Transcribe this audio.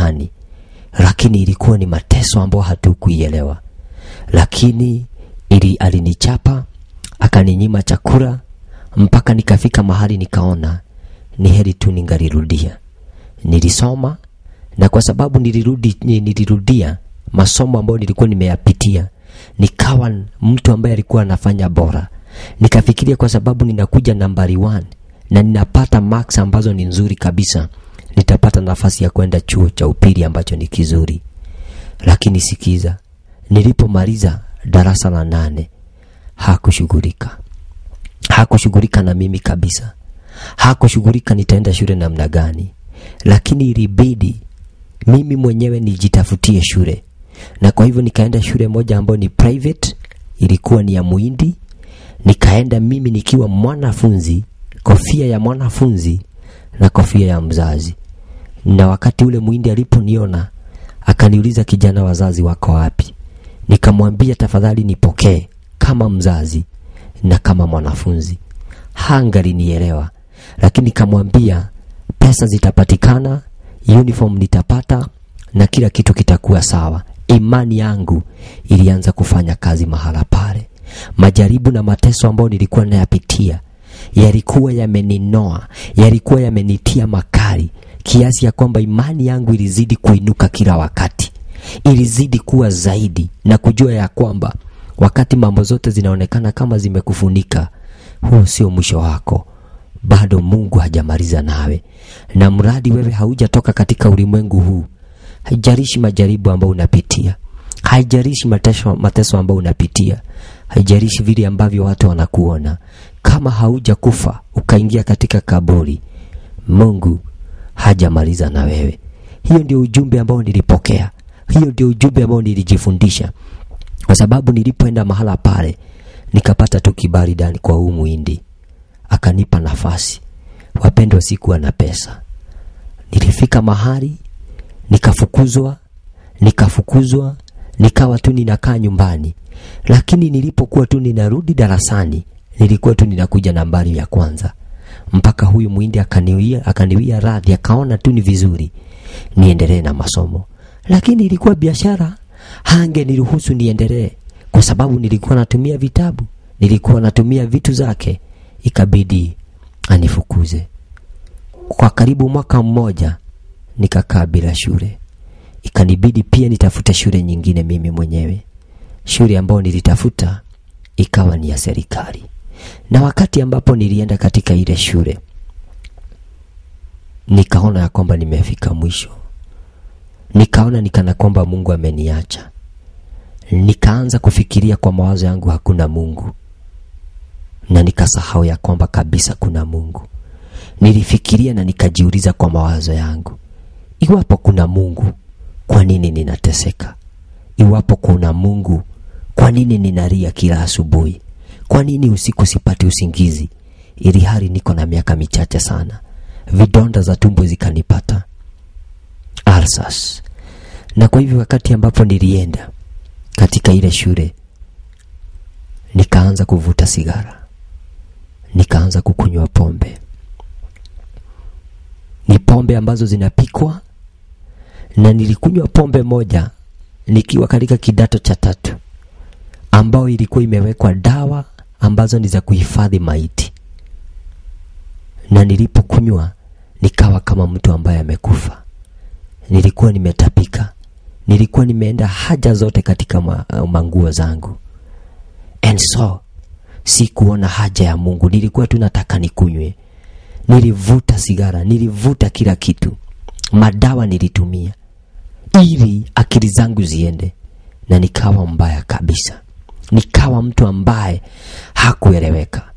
mtihani, lakini ilikuwa ni mateso ambayo hatukuielewa. Lakini ili alinichapa, akaninyima chakula mpaka nikafika mahali nikaona ni heri tu ningalirudia. Nilisoma na kwa sababu nilirudi, nilirudia masomo ambayo nilikuwa nimeyapitia, nikawa mtu ambaye alikuwa anafanya bora. Nikafikiria kwa sababu ninakuja nambari 1 na ninapata marks ambazo ni nzuri kabisa nitapata nafasi ya kwenda chuo cha upili ambacho ni kizuri. Lakini sikiza, nilipomaliza darasa la nane hakushughulika, hakushughulika na mimi kabisa, hakushughulika nitaenda shule namna gani, lakini ilibidi mimi mwenyewe nijitafutie shule, na kwa hivyo nikaenda shule moja ambayo ni private, ilikuwa ni ya Muhindi. Nikaenda mimi nikiwa mwanafunzi, kofia ya mwanafunzi na kofia ya mzazi. Na wakati ule muhindi aliponiona akaniuliza, kijana, wazazi wako wapi? Nikamwambia, tafadhali nipokee kama mzazi na kama mwanafunzi. Hangari nielewa, lakini nikamwambia pesa zitapatikana, uniform nitapata na kila kitu kitakuwa sawa. Imani yangu ilianza kufanya kazi mahala pale. Majaribu na mateso ambayo nilikuwa nayapitia yalikuwa yameninoa, yalikuwa yamenitia makali kiasi ya kwamba imani yangu ilizidi kuinuka kila wakati, ilizidi kuwa zaidi na kujua ya kwamba wakati mambo zote zinaonekana kama zimekufunika, huo sio mwisho wako, bado Mungu hajamaliza nawe, na mradi wewe haujatoka katika ulimwengu huu, haijalishi majaribu ambayo unapitia, haijalishi mateso, mateso ambayo unapitia, haijalishi vile ambavyo watu wanakuona, kama haujakufa ukaingia katika kaburi, Mungu hajamaliza na wewe. Hiyo ndio ujumbe ambao nilipokea, hiyo ndio ujumbe ambao nilijifundisha, kwa sababu nilipoenda mahala pale nikapata tu kibali ndani kwa huu muhindi, akanipa nafasi. Wapendwa, sikuwa na pesa, nilifika mahali nikafukuzwa, nikafukuzwa, nikawa tu ninakaa nyumbani, lakini nilipokuwa tu ninarudi darasani nilikuwa tu ninakuja nambari ya kwanza mpaka huyu muhindi akaniwia akaniwia radhi akaona tu ni vizuri niendelee na masomo lakini ilikuwa biashara hange niruhusu niendelee kwa sababu nilikuwa natumia vitabu nilikuwa natumia vitu zake ikabidi anifukuze kwa karibu mwaka mmoja nikakaa bila shule ikanibidi pia nitafute shule nyingine mimi mwenyewe shule ambayo nilitafuta ikawa ni ya serikali na wakati ambapo nilienda katika ile shule nikaona ya kwamba nimefika mwisho, nikaona nikana kwamba Mungu ameniacha, nikaanza kufikiria kwa mawazo yangu hakuna Mungu, na nikasahau ya kwamba kabisa kuna Mungu. Nilifikiria na nikajiuliza kwa mawazo yangu, iwapo kuna Mungu, kwa nini ninateseka? Iwapo kuna Mungu, kwa nini ninalia kila asubuhi? Kwa nini usiku sipati usingizi, ili hali niko na miaka michache sana? Vidonda za tumbo zikanipata Alsas. Na kwa hivyo wakati ambapo nilienda katika ile shule nikaanza kuvuta sigara, nikaanza kukunywa pombe. Ni pombe ambazo zinapikwa, na nilikunywa pombe moja nikiwa katika kidato cha tatu, ambayo ilikuwa imewekwa dawa ambazo ni za kuhifadhi maiti, na nilipokunywa nikawa kama mtu ambaye amekufa. Nilikuwa nimetapika, nilikuwa nimeenda haja zote katika ma, uh, manguo zangu, and so sikuona haja ya Mungu, nilikuwa tu nataka nikunywe. Nilivuta sigara, nilivuta kila kitu, madawa nilitumia ili akili zangu ziende, na nikawa mbaya kabisa nikawa mtu ambaye hakueleweka.